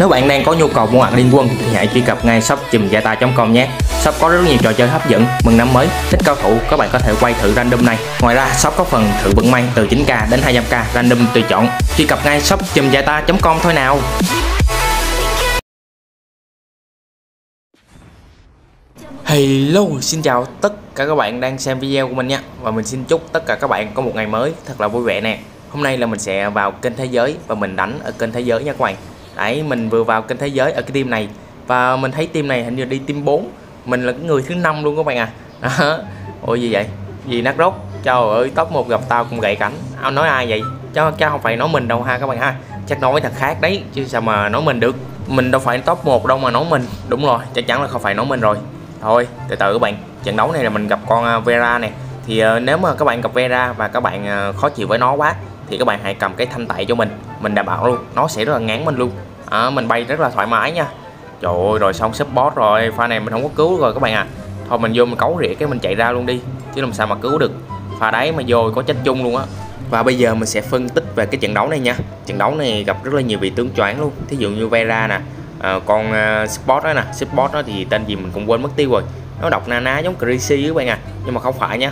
Nếu bạn đang có nhu cầu mua hàng liên quân thì hãy truy cập ngay shop chùm com nhé. Shop có rất nhiều trò chơi hấp dẫn, mừng năm mới, thích cao thủ các bạn có thể quay thử random này. Ngoài ra shop có phần thử vận may từ 9k đến 200k random tùy chọn. Truy cập ngay shop chùm com thôi nào. Hello, xin chào tất cả các bạn đang xem video của mình nha Và mình xin chúc tất cả các bạn có một ngày mới thật là vui vẻ nè Hôm nay là mình sẽ vào kênh thế giới và mình đánh ở kênh thế giới nha các bạn đấy mình vừa vào kênh thế giới ở cái team này và mình thấy team này hình như đi team 4 mình là cái người thứ năm luôn các bạn à đó. ôi gì vậy gì nát rốt trời ơi top một gặp tao cũng gậy cảnh ao nói ai vậy cho cho không phải nói mình đâu ha các bạn ha chắc nói thật khác đấy chứ sao mà nói mình được mình đâu phải top 1 đâu mà nói mình đúng rồi chắc chắn là không phải nói mình rồi thôi từ từ các bạn trận đấu này là mình gặp con à, Vera nè thì ờ, nếu mà các bạn gặp Vera và các bạn ờ, khó chịu với nó quá thì các bạn hãy cầm cái thanh tẩy cho mình mình đảm bảo luôn nó sẽ rất là ngán mình luôn à, mình bay rất là thoải mái nha trời ơi rồi xong support rồi pha này mình không có cứu rồi các bạn à thôi mình vô mình cấu rỉa cái mình chạy ra luôn đi chứ làm sao mà cứu được pha đấy mà vô có chết chung luôn á và bây giờ mình sẽ phân tích về cái trận đấu này nha trận đấu này gặp rất là nhiều vị tướng choáng luôn thí dụ như vera nè à, con uh, à, support đó nè support đó thì tên gì mình cũng quên mất tiêu rồi nó đọc na ná giống crazy các bạn à nhưng mà không phải nha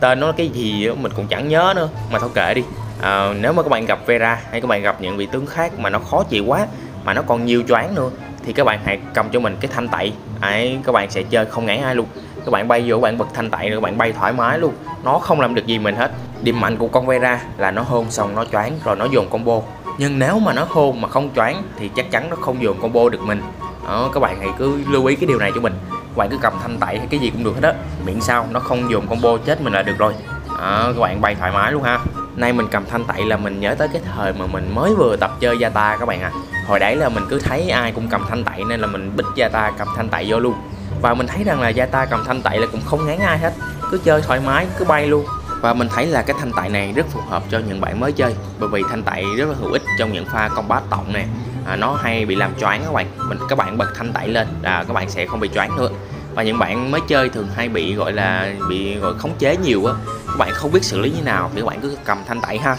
tên nó cái gì mình cũng chẳng nhớ nữa mà thôi kệ đi à, nếu mà các bạn gặp Vera hay các bạn gặp những vị tướng khác mà nó khó chịu quá mà nó còn nhiều choáng nữa thì các bạn hãy cầm cho mình cái thanh tẩy ấy các bạn sẽ chơi không ngã ai luôn các bạn bay vô bạn bật thanh tẩy rồi bạn bay thoải mái luôn nó không làm được gì mình hết điểm mạnh của con Vera là nó hôn xong nó choáng rồi nó dùng combo nhưng nếu mà nó hôn mà không choáng thì chắc chắn nó không dùng combo được mình đó, các bạn hãy cứ lưu ý cái điều này cho mình các bạn cứ cầm thanh tẩy hay cái gì cũng được hết á miễn sao nó không dùng combo chết mình là được rồi đó, các bạn bay thoải mái luôn ha nay mình cầm thanh tẩy là mình nhớ tới cái thời mà mình mới vừa tập chơi gia ta các bạn ạ à. hồi đấy là mình cứ thấy ai cũng cầm thanh tẩy nên là mình bích gia ta cầm thanh tẩy vô luôn và mình thấy rằng là gia ta cầm thanh tẩy là cũng không ngán ai hết cứ chơi thoải mái cứ bay luôn và mình thấy là cái thanh tẩy này rất phù hợp cho những bạn mới chơi bởi vì thanh tẩy rất là hữu ích trong những pha combat tổng nè à, nó hay bị làm choáng các bạn mình các bạn bật thanh tẩy lên là các bạn sẽ không bị choáng nữa và những bạn mới chơi thường hay bị gọi là bị gọi khống chế nhiều á các bạn không biết xử lý như nào thì các bạn cứ cầm thanh tẩy ha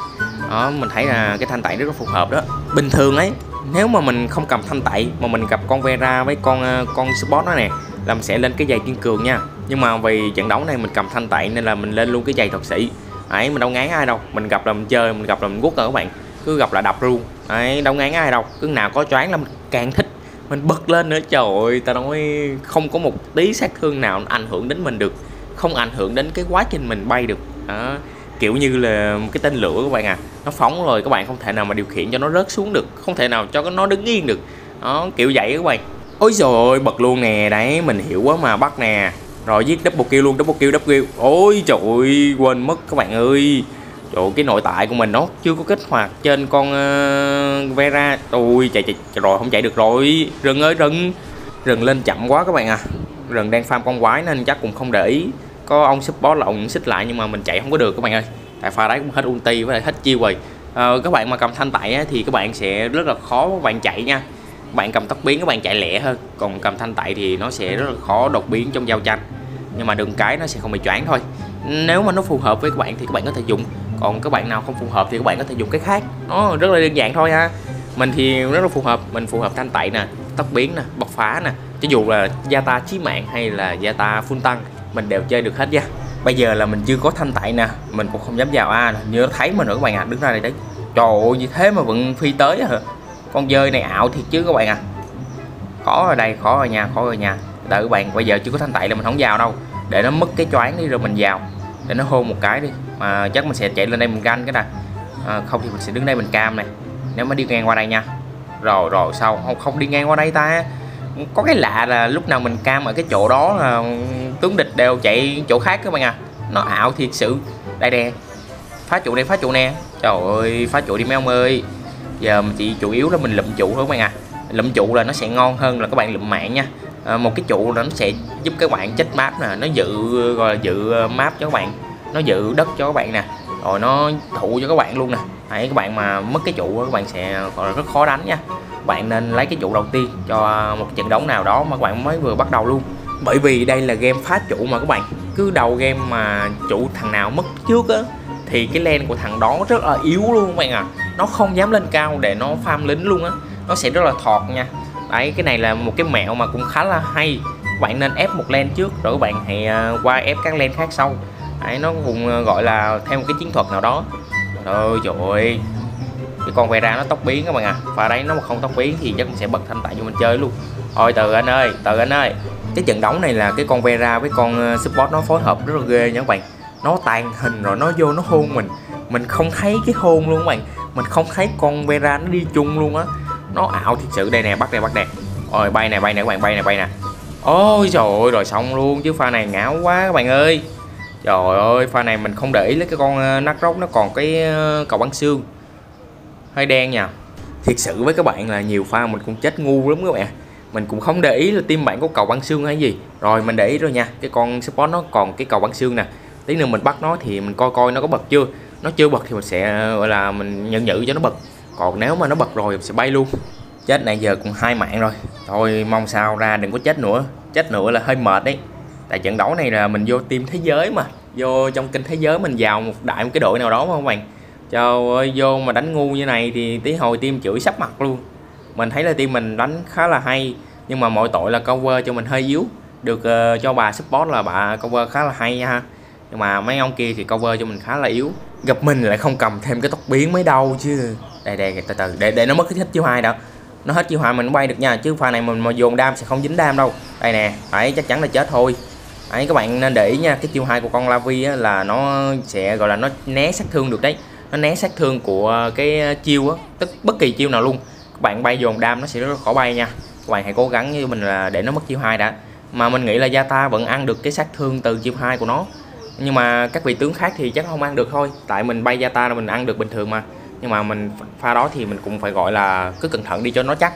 đó mình thấy là cái thanh tẩy rất là phù hợp đó bình thường ấy nếu mà mình không cầm thanh tẩy mà mình gặp con Vera với con ờ, con Sport đó nè làm sẽ lên cái giày kiên cường nha nhưng mà vì trận đấu này mình cầm thanh tẩy nên là mình lên luôn cái giày thuật sĩ ấy mình đâu ngán ai đâu mình gặp là mình chơi mình gặp là mình quất rồi các bạn cứ gặp là đập luôn ấy đâu ngán ai đâu cứ nào có choáng là mình càng thích mình bật lên nữa trời ơi ta nói không có một tí sát thương nào ảnh hưởng đến mình được không ảnh hưởng đến cái quá trình mình bay được đó kiểu như là một cái tên lửa các bạn à nó phóng rồi các bạn không thể nào mà điều khiển cho nó rớt xuống được không thể nào cho nó đứng yên được đó kiểu vậy các bạn ôi trời ơi bật luôn nè đấy mình hiểu quá mà bắt nè rồi giết double kill luôn double kill double kill ôi trời ơi quên mất các bạn ơi trời cái nội tại của mình nó chưa có kích hoạt trên con uh, vera ôi chạy chạy rồi không chạy được rồi rừng ơi rừng rừng lên chậm quá các bạn à rừng đang farm con quái nên chắc cũng không để ý có ông support là ông xích lại nhưng mà mình chạy không có được các bạn ơi tại pha đấy cũng hết ulti với lại hết chiêu quầy à, ờ, các bạn mà cầm thanh tẩy thì các bạn sẽ rất là khó các bạn chạy nha bạn cầm tóc biến các bạn chạy lẹ hơn còn cầm thanh tẩy thì nó sẽ rất là khó đột biến trong giao tranh nhưng mà đường cái nó sẽ không bị choáng thôi nếu mà nó phù hợp với các bạn thì các bạn có thể dùng còn các bạn nào không phù hợp thì các bạn có thể dùng cái khác nó rất là đơn giản thôi ha mình thì rất là phù hợp mình phù hợp thanh tẩy nè tóc biến nè bộc phá nè cho dù là gia ta chí mạng hay là gia ta full tăng mình đều chơi được hết nha bây giờ là mình chưa có thanh tẩy nè mình cũng không dám vào a nè nhớ thấy mà nữa các bạn ạ à, đứng ra đây đấy trời ơi như thế mà vẫn phi tới hả con dơi này ảo thiệt chứ các bạn ạ à. khó ở đây khó ở nhà khó ở nhà đợi các bạn bây giờ chưa có thanh tẩy là mình không vào đâu để nó mất cái choáng đi rồi mình vào để nó hôn một cái đi mà chắc mình sẽ chạy lên đây mình ganh cái này à, không thì mình sẽ đứng đây mình cam này nếu mà đi ngang qua đây nha rồi rồi sao không không đi ngang qua đây ta có cái lạ là lúc nào mình cam ở cái chỗ đó là ờ, tướng địch đều chạy chỗ khác các bạn à nó ảo thiệt sự đây nè phá trụ này phá trụ nè trời ơi phá trụ đi mấy ông ơi giờ mình chỉ chủ yếu là mình lụm trụ thôi các bạn à lụm trụ là nó sẽ ngon hơn là các bạn lụm mạng nha à, một cái trụ là nó sẽ giúp các bạn chết map nè nó dự gọi là dự ờ, map cho các bạn nó dự đất cho các bạn nè rồi nó thụ cho các bạn luôn nè Đấy, các bạn mà mất cái trụ các bạn sẽ gọi rất khó đánh nha bạn nên lấy cái trụ đầu tiên cho một trận đấu nào đó mà các bạn mới vừa bắt đầu luôn bởi vì đây là game phá trụ mà các bạn cứ đầu game mà trụ thằng nào mất trước á thì cái len của thằng đó rất là yếu luôn các bạn à nó không dám lên cao để nó farm lính luôn á nó sẽ rất là thọt nha đấy cái này là một cái mẹo mà cũng khá là hay các bạn nên ép một len trước rồi các bạn hãy à, qua ép các len khác sau đấy nó cũng à, gọi là theo một cái chiến thuật nào đó ơi trời ơi cái con Vera nó tóc biến các bạn à và đấy nó mà không tóc biến thì chắc mình sẽ bật thanh tại cho mình chơi luôn thôi từ anh ơi từ anh ơi cái trận đấu này là cái con Vera với con ờ, support nó phối hợp rất là ghê nha các bạn nó tàn hình rồi nó vô nó hôn mình mình không thấy cái hôn luôn các bạn mình không thấy con Vera nó đi chung luôn á nó ảo thiệt sự đây nè bắt đây bắt nè rồi bay nè bay nè các bạn bay nè bay nè ôi trời ơi rồi xong luôn chứ pha này ngáo quá các bạn ơi Trời ơi pha này mình không để ý lấy cái con ờ, nát rốc nó còn cái ờ, cầu bắn xương Hơi đen nha Thiệt sự với các bạn là nhiều pha mình cũng chết ngu lắm các bạn Mình cũng không để ý là tim bạn có cầu bắn xương hay gì Rồi mình để ý rồi nha Cái con support nó còn cái cầu bắn xương nè Tí nữa mình bắt nó thì mình coi coi nó có bật chưa Nó chưa bật thì mình sẽ gọi là mình nhận nhự cho nó bật Còn nếu mà nó bật rồi mình sẽ bay luôn Chết này giờ cũng hai mạng rồi Thôi mong sao ra đừng có chết nữa Chết nữa là hơi mệt đấy tại trận đấu này là mình vô team thế giới mà vô trong kinh thế giới mình vào một đại một cái đội nào đó không bạn cho ơi vô mà đánh ngu như này thì tí hồi team chửi sắp mặt luôn mình thấy là team mình đánh khá là hay nhưng mà mọi tội là cover cho mình hơi yếu được uh, cho bà support là bà cover khá là hay ha nhưng mà mấy ông kia thì cover cho mình khá là yếu gặp mình lại không cầm thêm cái tóc biến mới đâu chứ đây đây từ từ để để nó mất hết chiêu hai đã nó hết chiêu hai mình bay được nha chứ pha này mình mà dồn đam sẽ không dính đam đâu đây nè phải chắc chắn là chết thôi ấy các bạn nên để ý nha cái chiêu hai của con Lavi á, là nó sẽ gọi là nó né sát thương được đấy nó né sát thương của cái chiêu á tức bất kỳ chiêu nào luôn các bạn bay dồn đam nó sẽ rất khó bay nha các bạn hãy cố gắng như mình là để nó mất chiêu hai đã mà mình nghĩ là Yata vẫn ăn được cái sát thương từ chiêu hai của nó nhưng mà các vị tướng khác thì chắc không ăn được thôi tại mình bay Yata là mình ăn được bình thường mà nhưng mà mình pha đó thì mình cũng phải gọi là cứ cẩn thận đi cho nó chắc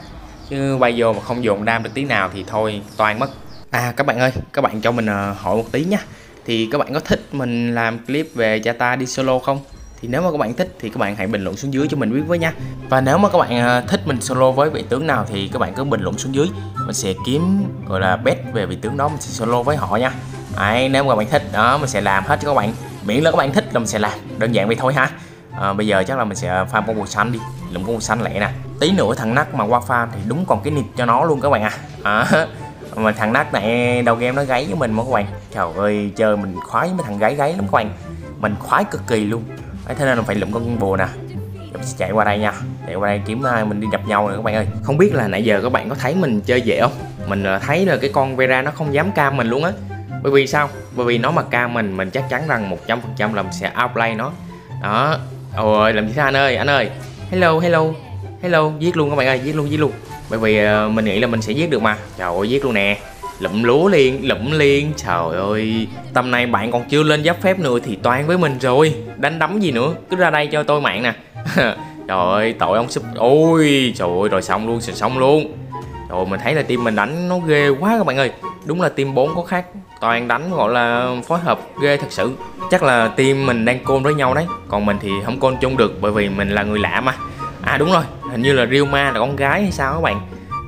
chứ bay vô mà không dồn đam được tí nào thì thôi toàn mất À các bạn ơi, các bạn cho mình ờ, hỏi một tí nha Thì các bạn có thích mình làm clip về Jata đi solo không? Thì nếu mà các bạn thích thì các bạn hãy bình luận xuống dưới cho mình biết với nha Và nếu mà các bạn ờ, thích mình solo với vị tướng nào thì các bạn cứ bình luận xuống dưới Mình sẽ kiếm gọi là bet về vị tướng đó mình sẽ solo với họ nha Đấy, nếu mà các bạn thích đó mình sẽ làm hết cho các bạn Miễn là các bạn thích là mình sẽ làm, đơn giản vậy thôi ha à, Bây giờ chắc là mình sẽ farm con bùa xanh đi Lụm con bùa xanh lẹ nè Tí nữa thằng nắc mà qua farm thì đúng còn cái nịt cho nó luôn các bạn à, à mà thằng nát này đầu game nó gáy với mình mà các bạn trời ơi chơi mình khoái với thằng gáy gáy lắm các bạn mình khoái cực kỳ luôn thế nên là phải lụm con bùa nè chúng sẽ chạy qua đây nha chạy qua đây kiếm mình đi đập nhau rồi các bạn ơi không biết là nãy giờ các bạn có thấy mình chơi dễ không mình thấy là cái con vera nó không dám cam mình luôn á bởi vì sao bởi vì nó mà cam mình mình chắc chắn rằng 100% là mình sẽ outplay nó đó ôi làm gì thế anh ơi anh ơi hello hello hello giết luôn các bạn ơi giết luôn giết luôn bởi vì ờ, mình nghĩ là mình sẽ giết được mà trời ơi giết luôn nè lụm lúa liền lụm liền trời ơi tầm này bạn còn chưa lên giáp phép nữa thì toan với mình rồi đánh đấm gì nữa cứ ra đây cho tôi mạng nè trời ơi tội ông súp ôi trời ơi rồi xong luôn rồi xong luôn rồi mình thấy là team mình đánh nó ghê quá các bạn ơi đúng là team 4 có khác toàn đánh gọi là phối hợp ghê thật sự chắc là team mình đang côn với nhau đấy còn mình thì không côn chung được bởi vì mình là người lạ mà à đúng rồi hình như là Real Ma là con gái hay sao các bạn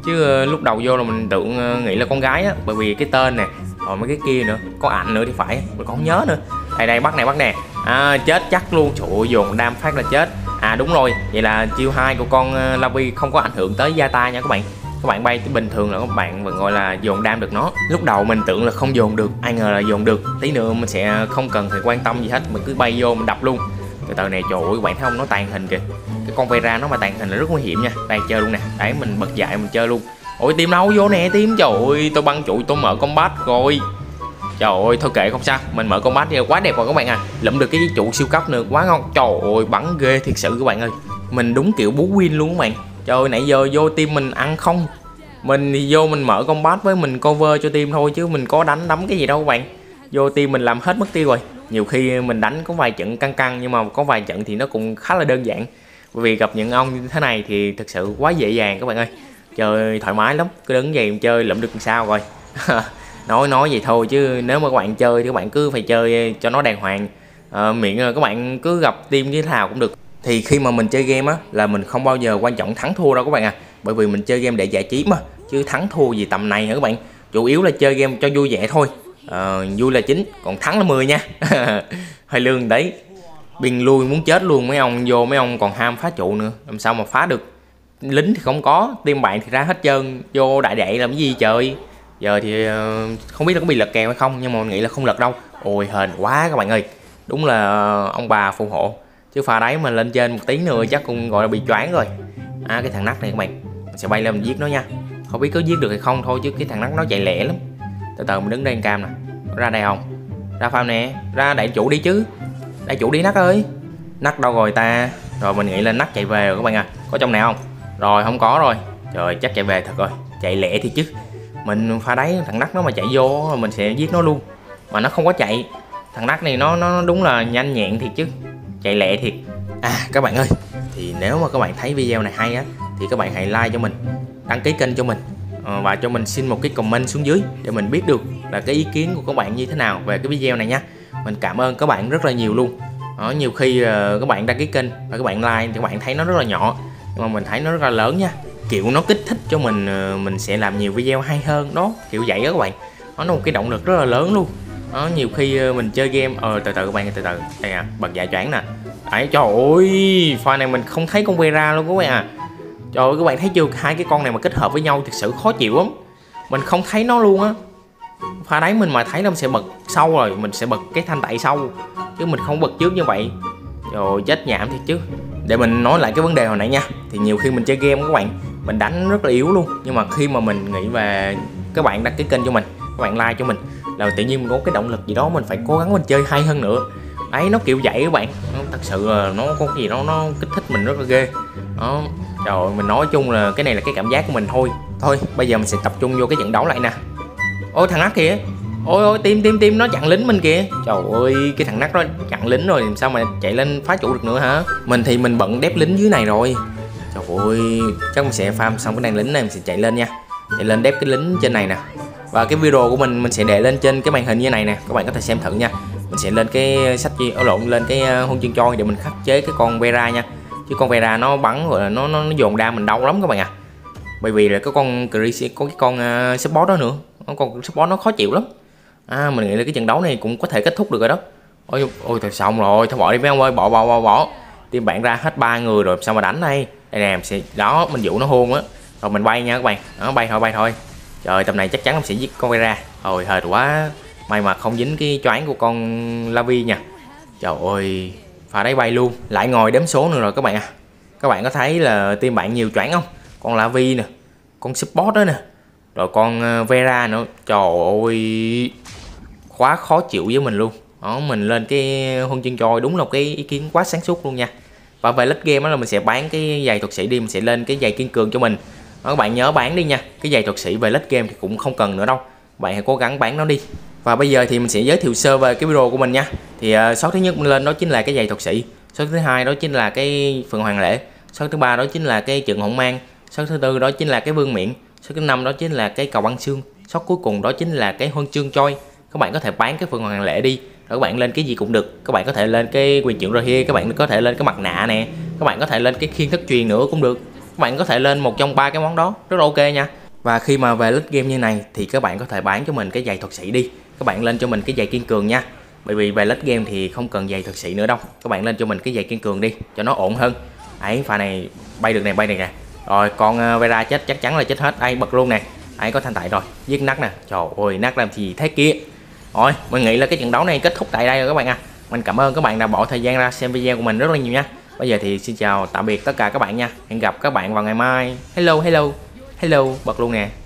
chứ ờ, lúc đầu vô là mình tưởng ờ, nghĩ là con gái á bởi vì cái tên nè rồi mấy cái kia nữa có ảnh nữa thì phải mình còn nhớ nữa đây đây bắt này bắt nè à, chết chắc luôn trụ dồn đam phát là chết à đúng rồi vậy là chiêu hai của con ờ, Lavi không có ảnh hưởng tới gia ta nha các bạn các bạn bay bình thường là các bạn vẫn gọi là dồn đam được nó lúc đầu mình tưởng là không dồn được ai ngờ là dồn được tí nữa mình sẽ không cần phải quan tâm gì hết mình cứ bay vô mình đập luôn cái tờ này trời ơi các bạn thấy không nó tàn hình kìa cái con vera nó mà tàn hình là rất nguy hiểm nha đây chơi luôn nè đấy mình bật dạy mình chơi luôn ôi tim đâu vô nè tim trời ơi tôi băng trụ tôi mở combat rồi trời ơi thôi kệ không sao mình mở combat đi quá đẹp rồi các bạn à lượm được cái trụ siêu cấp nữa quá ngon trời ơi bắn ghê thiệt sự các bạn ơi mình đúng kiểu bú win luôn các bạn trời ơi nãy giờ vô tim mình ăn không mình thì vô mình mở combat với mình cover cho tim thôi chứ mình có đánh đấm cái gì đâu các bạn vô tim mình làm hết mất tiêu rồi nhiều khi mình đánh có vài trận căng căng nhưng mà có vài trận thì nó cũng khá là đơn giản bởi vì gặp những ông như thế này thì thực sự quá dễ dàng các bạn ơi chơi thoải mái lắm cứ đứng vậy chơi lụm được sao rồi nói nói vậy thôi chứ nếu mà các bạn chơi thì các bạn cứ phải chơi cho nó đàng hoàng à, ờ, miệng các bạn cứ gặp team như thế nào cũng được thì khi mà mình chơi game á là mình không bao giờ quan trọng thắng thua đâu các bạn à bởi vì mình chơi game để giải trí mà chứ thắng thua gì tầm này hả các bạn chủ yếu là chơi game cho vui vẻ thôi à, vui là chính còn thắng là 10 nha hơi lương đấy bình lui muốn chết luôn mấy ông vô mấy ông còn ham phá trụ nữa làm sao mà phá được lính thì không có tiêm bạn thì ra hết trơn vô đại đệ làm cái gì trời giờ thì ờ, không biết là có bị lật kèo hay không nhưng mà mình nghĩ là không lật đâu ôi hên quá các bạn ơi đúng là ờ, ông bà phù hộ chứ pha đáy mà lên trên một tí nữa chắc cũng gọi là bị choáng rồi à cái thằng nắc này các bạn mình sẽ bay lên mình giết nó nha không biết có giết được hay không thôi chứ cái thằng nắc nó chạy lẹ lắm từ từ mình đứng đây cam nè ra đây không ra farm nè ra đại chủ đi chứ đại chủ đi nắc ơi nắc đâu rồi ta rồi mình nghĩ lên nắc chạy về rồi các bạn à có trong này không rồi không có rồi trời chắc chạy về thật rồi chạy lẹ thì chứ mình pha đáy thằng nắc nó mà chạy vô mình sẽ giết nó luôn mà nó không có chạy thằng nắc này nó nó đúng là nhanh nhẹn thiệt chứ chạy lẹ thiệt à các bạn ơi thì nếu mà các bạn thấy video này hay á thì các bạn hãy like cho mình đăng ký kênh cho mình Ờ, và cho mình xin một cái comment xuống dưới để mình biết được là cái ý kiến của các bạn như thế nào về cái video này nha mình cảm ơn các bạn rất là nhiều luôn đó, ờ, nhiều khi ờ, các bạn đăng ký kênh và các bạn like thì các bạn thấy nó rất là nhỏ nhưng mà mình thấy nó rất là lớn nha kiểu nó kích thích cho mình mình sẽ làm nhiều video hay hơn đó kiểu vậy đó các bạn đó, nó một cái động lực rất là lớn luôn nó nhiều khi mình chơi game ờ từ từ các bạn từ từ đây à bật dạ choáng nè ấy trời ơi pha này mình không thấy con quay ra luôn các bạn à Trời ơi các bạn thấy chưa Hai cái con này mà kết hợp với nhau thực sự khó chịu lắm Mình không thấy nó luôn á Pha đáy mình mà thấy nó mình sẽ bật sâu rồi Mình sẽ bật cái thanh tẩy sâu Chứ mình không bật trước như vậy Trời ơi chết nhảm thiệt chứ để mình nói lại cái vấn đề hồi nãy nha thì nhiều khi mình chơi game các bạn mình đánh rất là yếu luôn nhưng mà khi mà mình nghĩ về các bạn đăng ký kênh cho mình các bạn like cho mình là tự nhiên mình có cái động lực gì đó mình phải cố gắng mình chơi hay hơn nữa ấy nó kiểu vậy các bạn nó thật sự là nó có cái gì đó nó kích thích mình rất là ghê đó trời ơi mình nói chung là cái này là cái cảm giác của mình thôi thôi bây giờ mình sẽ tập trung vô cái trận đấu lại nè ôi thằng nắc kìa ôi ôi tim tim tim nó chặn lính mình kìa trời ơi cái thằng nắc nó chặn lính rồi làm sao mà chạy lên phá chủ được nữa hả mình thì mình bận đép lính dưới này rồi trời ơi chắc mình sẽ farm xong cái đàn lính này mình sẽ chạy lên nha chạy lên đép cái lính trên này nè và cái video của mình mình sẽ để lên trên cái màn hình như này nè các bạn có thể xem thử nha mình sẽ lên cái sách chi ở lộn lên cái ờ, huân chương choi để mình khắc chế cái con vera nha chứ con Vera nó bắn rồi nó nó, nó dồn đam mình đau lắm các bạn ạ à. bởi vì là có con Chris có cái con uh, support đó nữa con support nó khó chịu lắm à mình nghĩ là cái trận đấu này cũng có thể kết thúc được rồi đó ôi ôi thật xong rồi thôi bỏ đi mấy ông ơi bỏ bỏ bỏ bỏ team bạn ra hết ba người rồi sao mà đánh đây đây nè sẽ đó mình dụ nó hôn á rồi mình bay nha các bạn nó bay thôi bay thôi trời tầm này chắc chắn em sẽ giết con ra Ôi hệt quá may mà không dính cái choáng của con lavi nha trời ơi ở đây bay luôn lại ngồi đếm số nữa rồi các bạn à các bạn có thấy là team bạn nhiều choáng không con la vi nè con support đó nè rồi con ờ, vera nữa trời ơi quá khó chịu với mình luôn đó mình lên cái huân chương trôi đúng là cái ý kiến quá sáng suốt luôn nha và về lít game đó là mình sẽ bán cái giày thuật sĩ đi mình sẽ lên cái giày kiên cường cho mình đó, các bạn nhớ bán đi nha cái giày thuật sĩ về lít game thì cũng không cần nữa đâu bạn hãy cố gắng bán nó đi và bây giờ thì mình sẽ giới thiệu sơ về cái video của mình nha thì uh, à, số thứ nhất mình lên đó chính là cái giày thuật sĩ số thứ hai đó chính là cái phần hoàng lễ số thứ ba đó chính là cái trận hỗn mang số thứ tư đó chính là cái vương miệng số thứ năm đó chính là cái cầu băng xương số cuối cùng đó chính là cái huân chương choi các bạn có thể bán cái phần hoàng lễ đi các bạn lên cái gì cũng được các bạn có thể lên cái quyền trưởng rồi here các bạn có thể lên cái mặt nạ nè các bạn có thể lên cái khiên thất truyền nữa cũng được các bạn có thể lên một trong ba cái món đó rất là ok nha và khi mà về lít game như này thì các bạn có thể bán cho mình cái giày thuật sĩ đi các bạn lên cho mình cái giày kiên cường nha bởi vì về lết game thì không cần giày thực sự nữa đâu các bạn lên cho mình cái giày kiên cường đi cho nó ổn hơn ấy pha này bay được này bay này nè rồi con ờ, Vera chết chắc chắn là chết hết ai bật luôn nè Ấy có thanh tại rồi giết nát nè trời ơi nát làm gì thế kia rồi mình nghĩ là cái trận đấu này kết thúc tại đây rồi các bạn à mình cảm ơn các bạn đã bỏ thời gian ra xem video của mình rất là nhiều nha bây giờ thì xin chào tạm biệt tất cả các bạn nha hẹn gặp các bạn vào ngày mai hello hello hello bật luôn nè